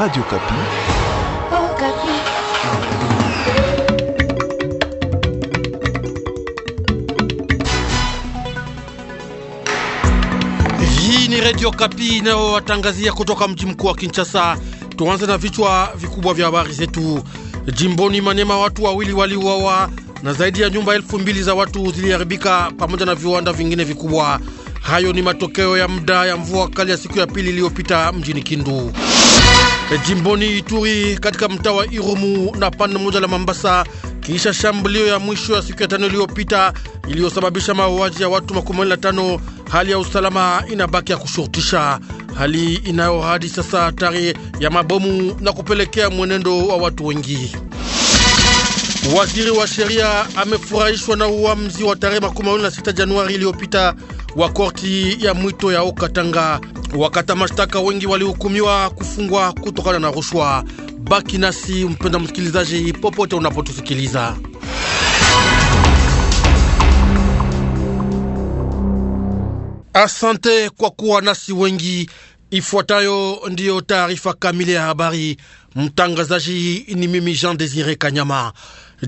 Radio Kapi. Oh, Kapi. Hii ni Radio Kapi inayowatangazia kutoka mji mkuu wa Kinshasa. Tuanze na vichwa vikubwa vya habari zetu. Jimboni Manema watu wawili waliuawa na zaidi ya nyumba elfu mbili za watu ziliharibika pamoja na viwanda vingine vikubwa. Hayo ni matokeo ya muda ya mvua kali ya siku ya pili iliyopita mjini Kindu. Eh, jimboni Ituri katika mtaa wa Irumu na pande moja la Mambasa kisha shambulio ya mwisho ya siku ya tano iliyopita iliyosababisha mauaji ya watu makumi na tano. Hali ya usalama inabaki ya kushurutisha, hali inayo hadi sasa hatari ya mabomu na kupelekea mwenendo wa watu wengi. Waziri wa sheria amefurahishwa na uamuzi wa tarehe 26 Januari iliyopita wa korti ya mwito ya Okatanga Wakata mashtaka wengi walihukumiwa kufungwa kutokana na rushwa. Baki nasi mpenda msikilizaji, popote unapotusikiliza. Asante kwa kuwa nasi wengi. Ifuatayo ndiyo taarifa kamili ya habari. Mtangazaji ni mimi Jean Desire Kanyama.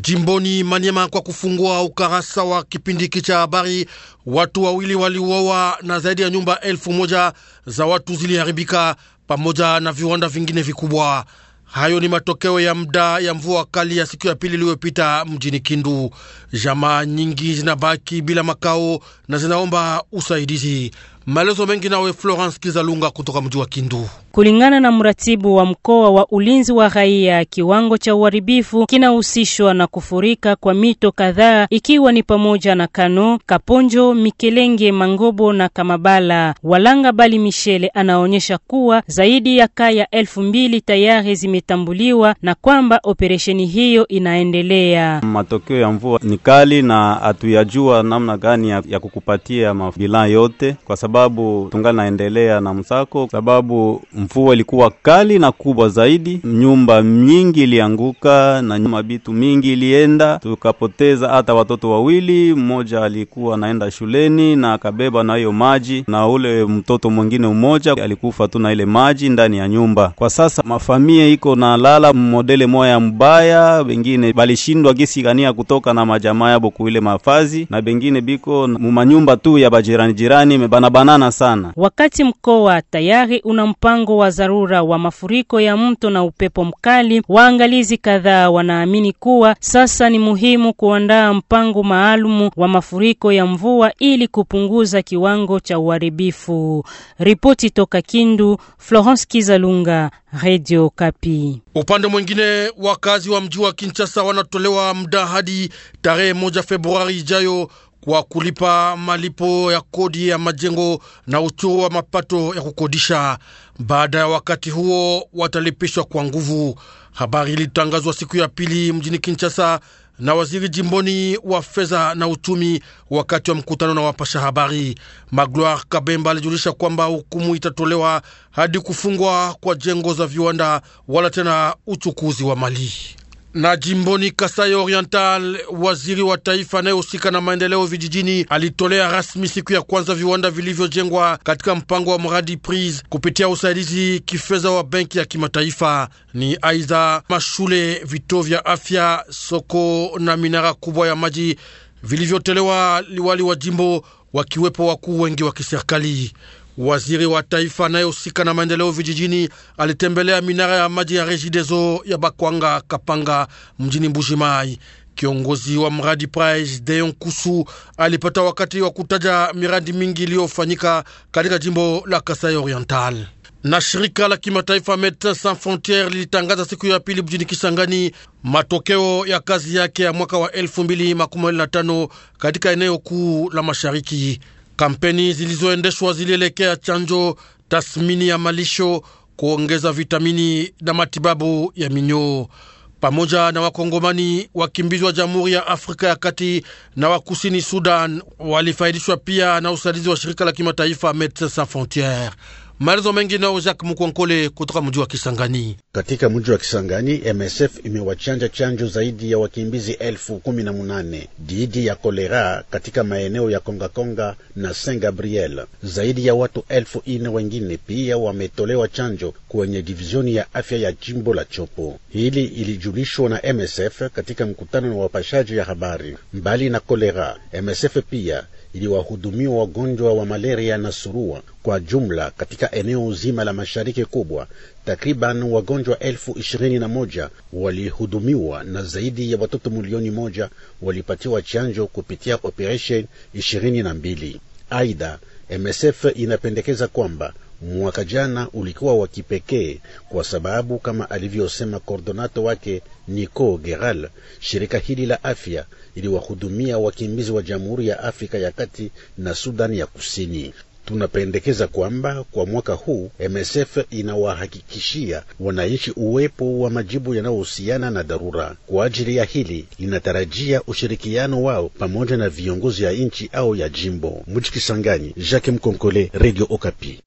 Jimboni manyema kwa kufungua ukarasa wa kipindi hiki cha habari, watu wawili waliuawa na zaidi ya nyumba elfu moja za watu ziliharibika pamoja na viwanda vingine vikubwa. Hayo ni matokeo ya muda ya mvua kali ya siku ya pili iliyopita mjini Kindu. Jamaa nyingi zinabaki bila makao na zinaomba usaidizi. Maelezo mengi nawe Florence Kizalunga kutoka mji wa Kindu. Kulingana na mratibu wa mkoa wa ulinzi wa raia, kiwango cha uharibifu kinahusishwa na kufurika kwa mito kadhaa ikiwa ni pamoja na Kano, Kaponjo, Mikelenge, Mangobo na Kamabala. Walanga Bali Mishele anaonyesha kuwa zaidi ya kaya elfu mbili tayari zimetambuliwa na kwamba operesheni hiyo inaendelea. Matokeo ya mvua ni kali na hatuyajua namna gani ya, ya kukupatia mabila yote, kwa sababu tungali naendelea na msako sababu Mvua ilikuwa kali na kubwa zaidi, nyumba mingi ilianguka na mabitu mingi ilienda, tukapoteza hata watoto wawili. Mmoja alikuwa anaenda shuleni na akabeba na hiyo maji, na ule mtoto mwingine mmoja alikufa tu na ile maji ndani ya nyumba. Kwa sasa mafamia iko na lala modele moya mbaya, bengine balishindwa gisigania kutoka na majamaa yabo kuile mafazi, na bengine biko mumanyumba tu ya bajirani jirani, mebanabanana sana. Wakati mkoa tayari una mpango mpango wa dharura wa mafuriko ya mto na upepo mkali, waangalizi kadhaa wanaamini kuwa sasa ni muhimu kuandaa mpango maalum wa mafuriko ya mvua ili kupunguza kiwango cha uharibifu. Ripoti toka Kindu, Florence Kizalunga, Radio Kapi. Upande mwingine, wakazi wa mji wa Kinshasa wanatolewa muda hadi tarehe moja Februari ijayo kwa kulipa malipo ya kodi ya majengo na uchuru wa mapato ya kukodisha. Baada ya wakati huo watalipishwa kwa nguvu. Habari ilitangazwa siku ya pili mjini Kinshasa na waziri jimboni wa fedha na uchumi wakati wa mkutano na wapasha habari. Magloire Kabemba alijulisha kwamba hukumu itatolewa hadi kufungwa kwa jengo za viwanda wala tena uchukuzi wa mali na jimboni Kasai Oriental, waziri wa taifa anayehusika na maendeleo vijijini alitolea rasmi siku ya kwanza viwanda vilivyojengwa katika mpango wa mradi PRISE kupitia usaidizi kifedha wa benki ya kimataifa. Ni aidha mashule, vituo vya afya, soko na minara kubwa ya maji vilivyotolewa liwali wa jimbo, wakiwepo wakuu wengi wa kiserikali. Waziri wa taifa anayehusika na maendeleo vijijini alitembelea minara ya maji ya Regideso ya Bakwanga Kapanga mjini mbuji Kiongozi wa mradi Price Deon Kusu alipata wakati wa kutaja miradi mingi iliyofanyika katika jimbo la Kasai Oriental. Na shirika la kimataifa Medecins Sans Frontieres lilitangaza siku ya pili mjini Kisangani matokeo ya kazi yake ya mwaka wa 2025 katika eneo kuu la mashariki Kampeni zilizoendeshwa zilielekea chanjo, tathmini ya malisho, kuongeza vitamini na matibabu ya minyoo pamoja na Wakongomani wakimbizi wa Jamhuri ya Afrika ya Kati na wa kusini Sudan walifaidishwa pia na usaidizi wa shirika la kimataifa Medecins Sans Frontieres. Maelezo mengi nao Jacques Mukonkole kutoka mji wa Kisangani. Katika mji wa Kisangani, MSF imewachanja chanjo zaidi ya wakimbizi elfu kumi na munane dhidi ya kolera katika maeneo ya Kongakonga na Saint Gabriel. Zaidi ya watu elfu ine wengine pia wametolewa chanjo kwenye divizioni ya afya ya jimbo la Chopo. Hili ilijulishwa na MSF katika mkutano na wapashaji ya habari. Mbali na kolera, MSF pia iliwahudumiwa wagonjwa wa malaria na surua kwa jumla katika eneo zima la mashariki kubwa takriban wagonjwa 21 walihudumiwa na zaidi ya watoto milioni moja walipatiwa chanjo kupitia operesheni 22 Aidha, MSF inapendekeza kwamba mwaka jana ulikuwa wa kipekee kwa sababu kama alivyosema kordonato wake Nico Geral, shirika hili la afya iliwahudumia wakimbizi wa Jamhuri ya Afrika ya Kati na Sudani ya Kusini. Tunapendekeza kwamba kwa mwaka huu MSF inawahakikishia wananchi uwepo wa majibu yanayohusiana na dharura. Kwa ajili ya hili, linatarajia ushirikiano wao pamoja na viongozi ya nchi au ya jimbo. Mujikisangani, Jacques Mkonkole, Radio Okapi.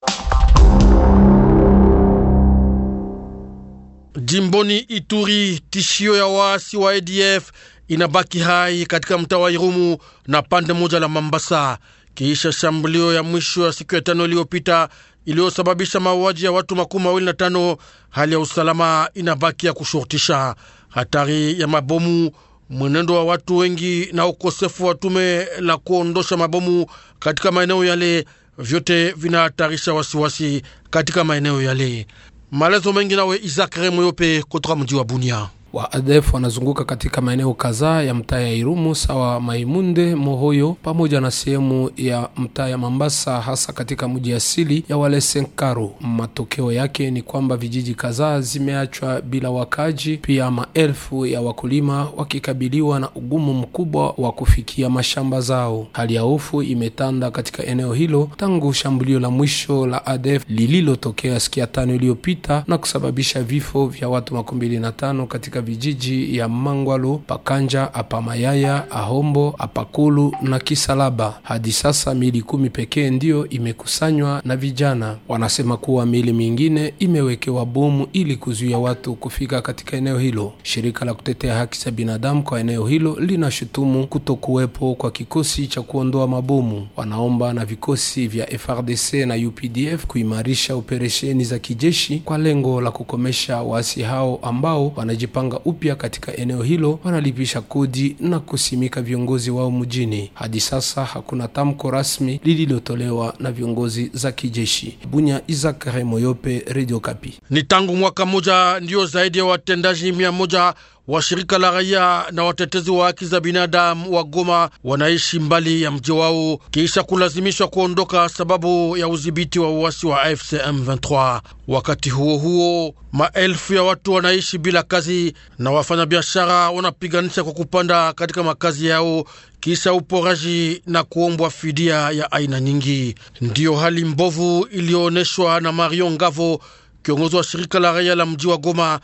Jimboni Ituri, tishio ya waasi wa ADF inabaki hai katika mtaa wa Irumu na pande moja la Mambasa kisha shambulio ya mwisho ya siku ya tano iliyopita iliyosababisha mauaji ya watu makumi mawili na tano. Hali ya usalama inabaki ya kushurutisha, hatari ya mabomu, mwenendo wa watu wengi na ukosefu wa tume la kuondosha mabomu katika maeneo yale, vyote vinahatarisha wasiwasi katika maeneo yale. Maelezo mengi nawe Isak Remoyope kutoka mji wa Bunia wa ADF wanazunguka katika maeneo kadhaa ya mtaa ya Irumu sawa Maimunde, Mohoyo pamoja na sehemu ya mtaa ya Mambasa, hasa katika mji asili ya Walesenkaru. Matokeo yake ni kwamba vijiji kadhaa zimeachwa bila wakaji, pia maelfu ya wakulima wakikabiliwa na ugumu mkubwa wa kufikia mashamba zao. Hali ya hofu imetanda katika eneo hilo tangu shambulio la mwisho la ADF lililotokea siku ya tano iliyopita na kusababisha vifo vya watu makumi mbili na tano katika vijiji ya Mangwalu, Pakanja, Apamayaya, Ahombo, Apakulu na Kisalaba. Hadi sasa miili kumi pekee ndiyo imekusanywa na vijana. Wanasema kuwa miili mingine imewekewa bomu ili kuzuia watu kufika katika eneo hilo. Shirika la kutetea haki za binadamu kwa eneo hilo linashutumu kutokuwepo kwa kikosi cha kuondoa mabomu. Wanaomba na vikosi vya FRDC na UPDF kuimarisha operesheni za kijeshi kwa lengo la kukomesha waasi hao ambao wanajipanga kujipanga upya katika eneo hilo wanalipisha kodi na kusimika viongozi wao mjini. Hadi sasa hakuna tamko rasmi lililotolewa na viongozi za kijeshi. Bunya, Isaac Remoyope, Radio Kapi. Ni tangu mwaka moja ndiyo zaidi ya watendaji mia moja wa shirika la raia na watetezi wa haki za binadamu wa Goma wanaishi mbali ya mji wao kisha kulazimishwa kuondoka sababu ya udhibiti wa uasi wa AFC M23. Wakati huo huo, maelfu ya watu wanaishi bila kazi na wafanyabiashara wanapiganisha kwa kupanda katika makazi yao kisha uporaji na kuombwa fidia ya aina nyingi. Ndiyo hali mbovu iliyoonyeshwa na Marion Ngavo, kiongozi wa shirika la raia la mji wa Goma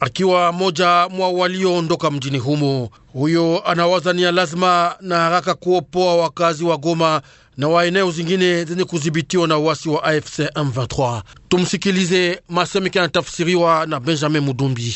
akiwa moja mwa walioondoka mjini humo. Huyo anawazania lazima na haraka kuopoa wakazi wa Goma na wa eneo zingine zenye kudhibitiwa na uasi wa AFC M23. Tumsikilize, masemeka yanatafsiriwa na Benjamin Mudumbi.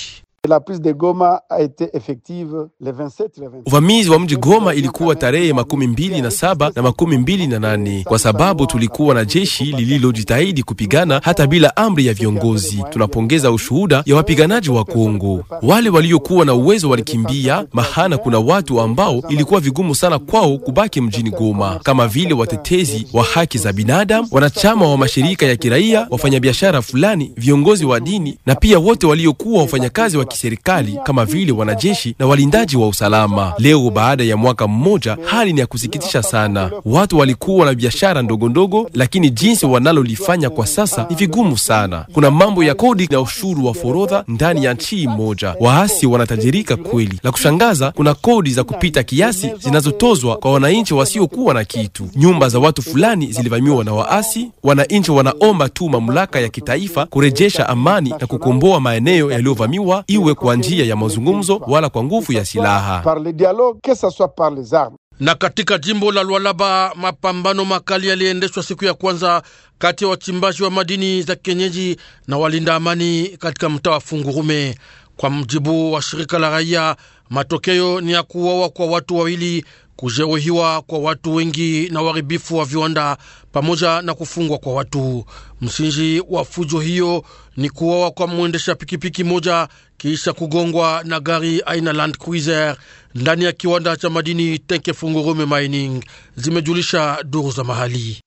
Uvamizi wa mji Goma ilikuwa tarehe makumi mbili na saba na makumi mbili na nane kwa sababu tulikuwa na jeshi lililojitahidi kupigana hata bila amri ya viongozi. Tunapongeza ushuhuda ya wapiganaji wa Kongo. Wale waliokuwa na uwezo walikimbia, mahana kuna watu ambao ilikuwa vigumu sana kwao kubaki mjini Goma, kama vile watetezi wa haki za binadamu, wanachama wa mashirika ya kiraia, wafanyabiashara fulani, viongozi wa dini na pia wote waliokuwa wafanyakazi wa kiserikali kama vile wanajeshi na walindaji wa usalama. Leo baada ya mwaka mmoja, hali ni ya kusikitisha sana. Watu walikuwa na biashara ndogo ndogo, lakini jinsi wanalolifanya kwa sasa ni vigumu sana. Kuna mambo ya kodi na ushuru wa forodha ndani ya nchi moja. Waasi wanatajirika kweli. La kushangaza, kuna kodi za kupita kiasi zinazotozwa kwa wananchi wasiokuwa na kitu. Nyumba za watu fulani zilivamiwa na waasi. Wananchi wanaomba tu mamlaka ya kitaifa kurejesha amani na kukomboa maeneo yaliyovamiwa iwe kwa njia ya mazungumzo wala kwa nguvu ya silaha. Na katika jimbo la Lualaba mapambano makali yaliendeshwa siku ya kwanza kati ya wachimbaji wa madini za kienyeji na walinda amani katika mtaa wa Fungurume. Kwa mjibu wa shirika la raia, matokeo ni ya kuuawa kwa watu wawili, kujeruhiwa kwa watu wengi na uharibifu wa viwanda pamoja na kufungwa kwa watu. Msingi wa fujo hiyo ni kuuawa kwa mwendesha pikipiki moja kisha kugongwa na gari aina Land Cruiser ndani ya kiwanda cha madini Fungurume Mining, zimejulisha duru za mahali.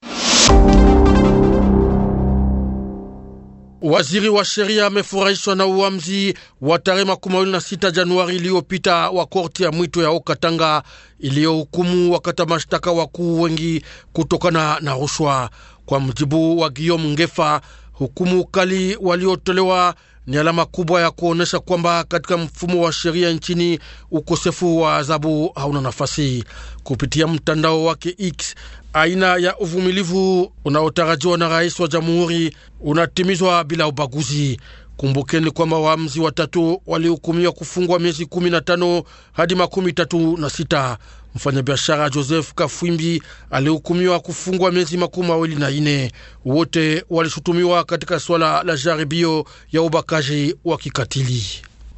Waziri wa sheria amefurahishwa na uamuzi wa tarehe makumi mawili na sita Januari iliyopita wa korti ya mwito ya Okatanga iliyohukumu wakata mashtaka wakuu wengi kutokana na rushwa. Kwa mjibu wa Guillaume Ngefa, hukumu kali waliotolewa ni alama kubwa ya kuonyesha kwamba katika mfumo wa sheria nchini ukosefu wa adhabu hauna nafasi. Kupitia mtandao wake X, aina ya uvumilivu unaotarajiwa na rais wa jamhuri unatimizwa bila ubaguzi. Kumbukeni kwamba waamuzi watatu walihukumiwa kufungwa miezi tano hadi makumi tatu na sita. Mfanyabiashara Joseph Kafwimbi alihukumiwa kufungwa miezi makumi mawili na ine. Wote walishutumiwa katika swala la jaribio ya ubakaji wa kikatili.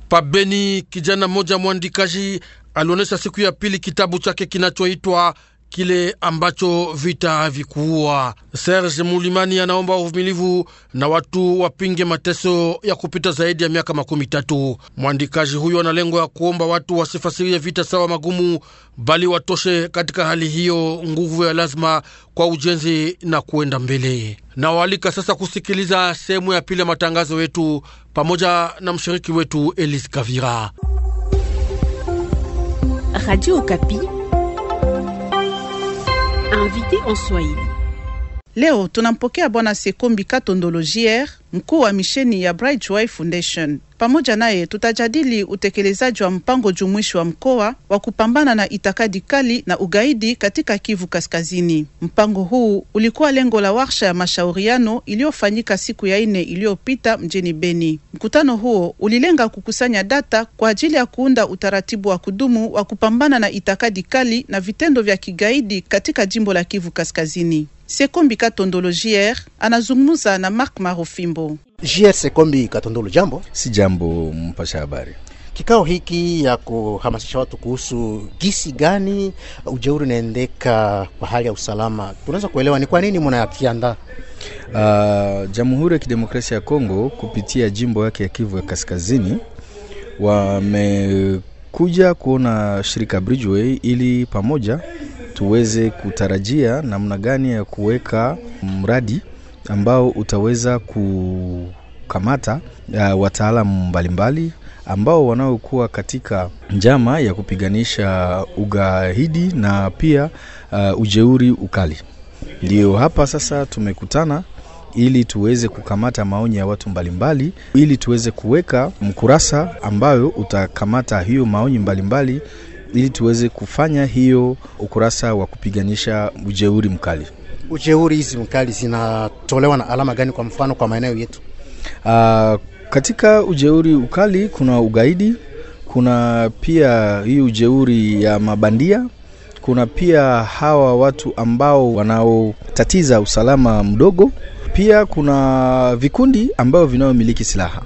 Pabeni, kijana mmoja mwandikaji alionyesha siku ya pili kitabu chake kinachoitwa kile ambacho vita havikuua. Serge Mulimani anaomba uvumilivu na watu wapinge mateso ya kupita zaidi ya miaka makumi tatu. Mwandikaji huyo ana lengo ya kuomba watu wasifasirie vita sawa magumu, bali watoshe katika hali hiyo nguvu ya lazima kwa ujenzi na kuenda mbele. Nawaalika sasa kusikiliza sehemu ya pili ya matangazo yetu pamoja na mshiriki wetu Elise Kavira, Radio Kapi invité en Swahili. Leo tunampokea Bwana Sekombi Katondologier, mkuu wa misheni ya Bright Joy Foundation. Pamoja naye tutajadili utekelezaji wa mpango jumuishi wa mkoa wa kupambana na itikadi kali na ugaidi katika Kivu Kaskazini. Mpango huu ulikuwa lengo la warsha ya mashauriano iliyofanyika siku ya nne iliyopita mjini Beni. Mkutano huo ulilenga kukusanya data kwa ajili ya kuunda utaratibu wa kudumu wa kupambana na itikadi kali na vitendo vya kigaidi katika jimbo la Kivu Kaskazini. Sekombi Katondologier anazungumza na Mark Marofimbo. JS Kombi Katondolo, jambo. Si jambo, mpasha habari. Kikao hiki ya kuhamasisha watu kuhusu gisi gani ujeuri unaendeka kwa hali ya usalama, tunaweza kuelewa ni kwa nini mnakiandaa? Uh, Jamhuri ya Kidemokrasia ya Kongo kupitia jimbo yake ya Kivu ya Kaskazini wamekuja kuona shirika Bridgeway ili pamoja tuweze kutarajia namna gani ya kuweka mradi ambao utaweza kukamata uh, wataalamu mbalimbali ambao wanaokuwa katika njama ya kupiganisha ugaidi na pia uh, ujeuri ukali. Ndiyo hapa sasa tumekutana ili tuweze kukamata maoni ya watu mbalimbali mbali, ili tuweze kuweka mkurasa ambayo utakamata hiyo maoni mbalimbali ili tuweze kufanya hiyo ukurasa wa kupiganisha ujeuri mkali ujeuri hizi mkali zinatolewa na alama gani, kwa mfano kwa maeneo yetu? Uh, katika ujeuri ukali kuna ugaidi, kuna pia hii ujeuri ya mabandia, kuna pia hawa watu ambao wanaotatiza usalama mdogo, pia kuna vikundi ambavyo vinayomiliki silaha.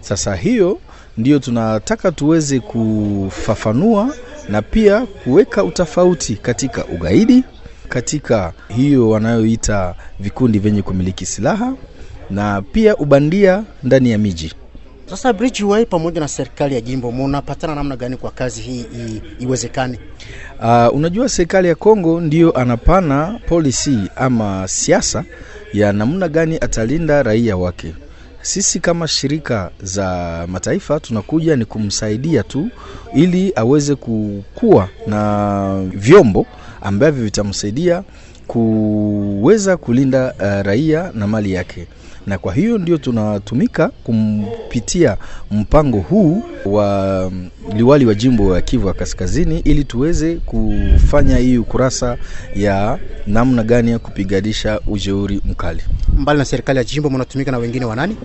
Sasa hiyo ndio tunataka tuweze kufafanua na pia kuweka utofauti katika ugaidi katika hiyo wanayoita vikundi vyenye kumiliki silaha na pia ubandia ndani ya miji. Sasa Bridgeway pamoja na serikali ya jimbo munapatana namna gani kwa kazi hii iwezekane? Uh, unajua serikali ya Kongo ndiyo anapana policy ama siasa ya namna gani atalinda raia wake. Sisi kama shirika za mataifa tunakuja ni kumsaidia tu ili aweze kukua na vyombo ambavyo vitamsaidia kuweza kulinda uh, raia na mali yake, na kwa hiyo ndio tunatumika kumpitia mpango huu wa mm, liwali wa jimbo ya Kivu ya Kaskazini, ili tuweze kufanya hii ukurasa ya namna gani ya kupiganisha ujeuri mkali. Mbali na serikali ya jimbo, mnatumika na wengine wanani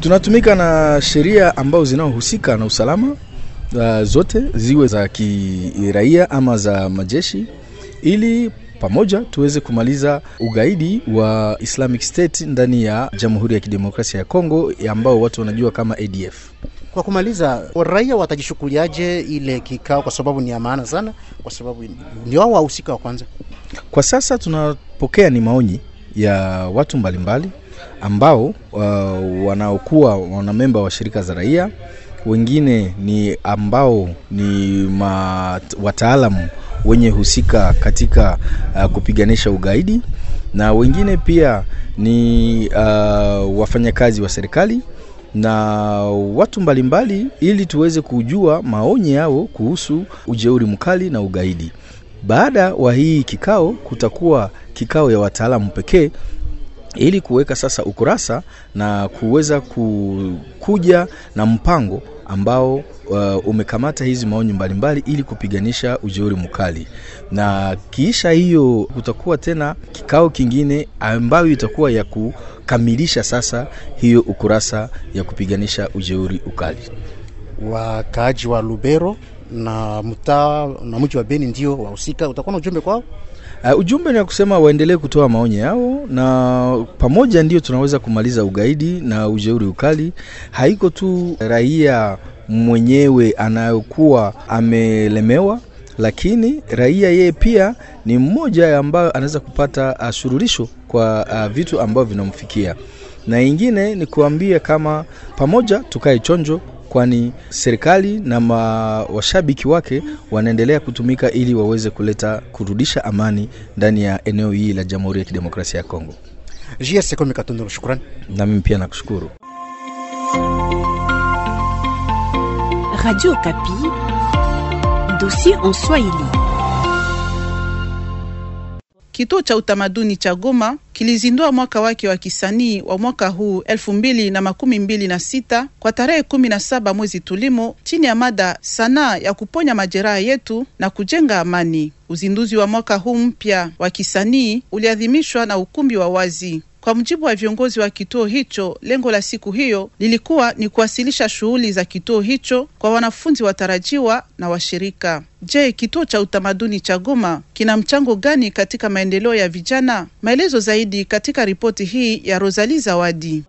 Tunatumika na sheria ambazo zinaohusika na usalama uh, zote ziwe za kiraia ama za majeshi ili pamoja tuweze kumaliza ugaidi wa Islamic State ndani ya Jamhuri ya Kidemokrasia ya Kongo ambao watu wanajua kama ADF. Kwa kumaliza, raia watajishughuliaje ile kikao? Kwa sababu ni ya maana sana, kwa sababu ni wao wahusika wa kwanza. Kwa sasa tunapokea ni maoni ya watu mbalimbali ambao uh, wanaokuwa wanamemba wa shirika za raia, wengine ni ambao ni wataalamu wenye husika katika uh, kupiganisha ugaidi na wengine pia ni uh, wafanyakazi wa serikali na watu mbalimbali mbali, ili tuweze kujua maoni yao kuhusu ujeuri mkali na ugaidi. Baada wa hii kikao, kutakuwa kikao ya wataalamu pekee ili kuweka sasa ukurasa na kuweza kuja na mpango ambao uh, umekamata hizi maoni mbalimbali ili kupiganisha ujeuri mkali, na kiisha hiyo kutakuwa tena kikao kingine ambayo itakuwa ya kukamilisha sasa hiyo ukurasa ya kupiganisha ujeuri ukali. Wakaaji wa Lubero na mtaa na mji wa Beni ndio wahusika. Utakuwa na ujumbe kwao? Uh, ujumbe ni kusema waendelee kutoa maoni yao, na pamoja ndio tunaweza kumaliza ugaidi na ujeuri ukali. Haiko tu raia mwenyewe anayokuwa amelemewa, lakini raia yeye pia ni mmoja ambayo anaweza kupata uh, shururisho kwa uh, vitu ambavyo vinamfikia. Na ingine ni kuambia kama pamoja tukae chonjo kwani serikali na washabiki wake wanaendelea kutumika ili waweze kuleta kurudisha amani ndani ya eneo hili la Jamhuri ya Kidemokrasia ya Kongo. JS Na mimi pia nakushukuru. Radio Kapi, dossier en Swahili. Kituo cha utamaduni cha Goma kilizindua mwaka wake wa kisanii wa mwaka huu elfu mbili na makumi mbili na sita kwa tarehe kumi na saba mwezi tulimo chini ya mada sanaa ya kuponya majeraha yetu na kujenga amani. Uzinduzi wa mwaka huu mpya wa kisanii uliadhimishwa na ukumbi wa wazi kwa mujibu wa viongozi wa kituo hicho, lengo la siku hiyo lilikuwa ni kuwasilisha shughuli za kituo hicho kwa wanafunzi watarajiwa na washirika. Je, kituo cha utamaduni cha Goma kina mchango gani katika maendeleo ya vijana? Maelezo zaidi katika ripoti hii ya rosali Zawadi.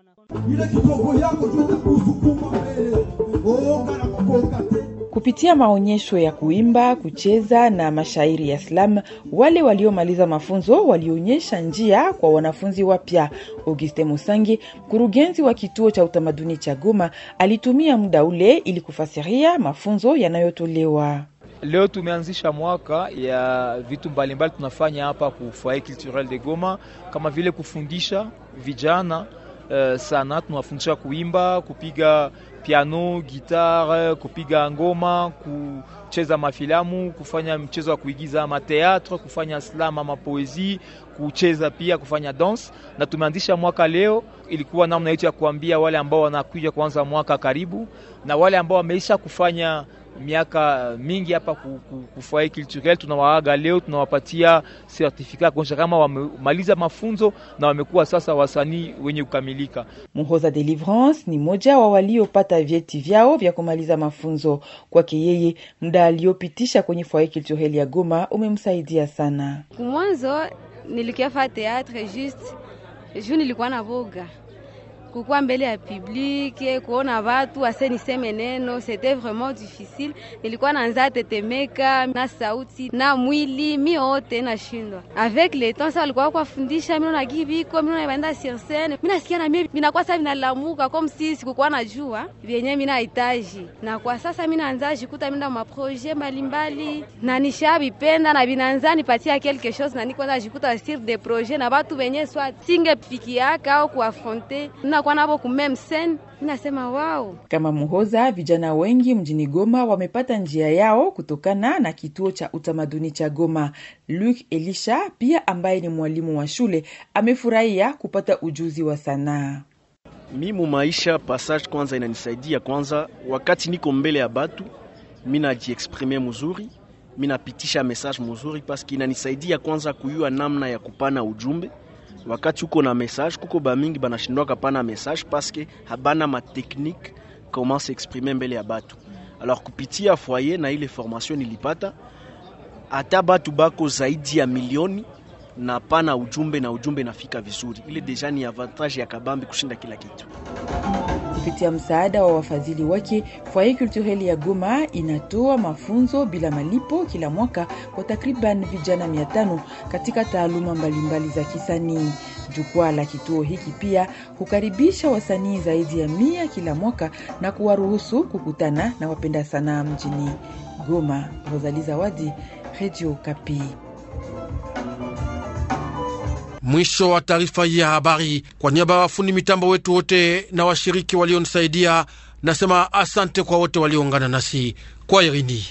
Kupitia maonyesho ya kuimba, kucheza na mashairi ya slam, wale waliomaliza mafunzo walionyesha njia kwa wanafunzi wapya. Auguste Musangi, mkurugenzi wa kituo cha utamaduni cha Goma, alitumia muda ule ili kufasiria mafunzo yanayotolewa. Leo tumeanzisha mwaka ya vitu mbalimbali tunafanya hapa ku Culturel de Goma, kama vile kufundisha vijana uh, eh, sana tunawafundisha kuimba, kupiga piano, gitare, kupiga ngoma, kucheza mafilamu, kufanya mchezo wa kuigiza teatro, kufanya slam ama poezi, kucheza pia kufanya dance. Na tumeanzisha mwaka leo, ilikuwa namna yetu ya kuambia wale ambao wanakuja kuanza mwaka karibu, na wale ambao wameisha kufanya miaka mingi hapa kufoyer culturel, tunawaaga leo, tunawapatia sertifika kuonyesha kama wamemaliza mafunzo na wamekuwa sasa wasanii wenye kukamilika. Muhoza Delivrance ni mmoja wa waliopata vyeti vyao vya kumaliza mafunzo. Kwake yeye, muda aliyopitisha kwenye foyer culturel ya Goma umemsaidia sana. Kumwanzo nilikiafa teatre juste juu nilikuwa na voga kukua mbele ya public, kuona watu aseniseme neno, c'était vraiment difficile. Nilikuwa naanza tetemeka na sauti na mwili mi nashindwa. Avec le temps sasa walikuwa kwafundisha mimi na kibiko mimi naenda sur scène mimi nasikia na mimi ninakuwa sasa ninalamuka kama si sikukuwa najua vyenye mimi nahitaji, na kwa sasa mimi naanza jikuta mimi maproje mbalimbali na nishabipenda na binaanza nipatia quelque chose na niko jikuta sur des projets na watu wenye swat singefikiaka au kuafronter na kunakuwa kumem kumemsen, minasema wao kama Muhoza. Vijana wengi mjini Goma wamepata njia yao kutokana na kituo cha utamaduni cha Goma. luk Elisha pia ambaye ni mwalimu wa shule amefurahia kupata ujuzi wa sanaa. Mi mu maisha passage kwanza inanisaidia kwanza, wakati niko mbele ya batu mi najiexprime muzuri, mi napitisha message muzuri paski inanisaidia kwanza kuyua namna ya kupana ujumbe wakati uko na message kuko mingi banashindwaka pana message paske habana ma technique comment s'exprimer mbele ya batu alors kupitia foyer na ile formation nilipata ataba batu bako zaidi ya milioni na pana ujumbe na ujumbe nafika vizuri, ile deja ni avantage ya kabambi kushinda kila kitu. Kupitia msaada wa wafadhili wake, Foyer Culturel ya Goma inatoa mafunzo bila malipo kila mwaka kwa takriban vijana mia tano katika taaluma mbalimbali za kisanii. Jukwaa la kituo hiki pia hukaribisha wasanii zaidi ya mia kila mwaka na kuwaruhusu kukutana na wapenda sanaa mjini Goma. Rosali Zawadi, Radio Kapi. Mwisho wa taarifa hii ya habari. Kwa niaba ya wafundi mitambo wetu wote na washiriki walionisaidia, nasema asante kwa wote walioungana nasi kwa Irini.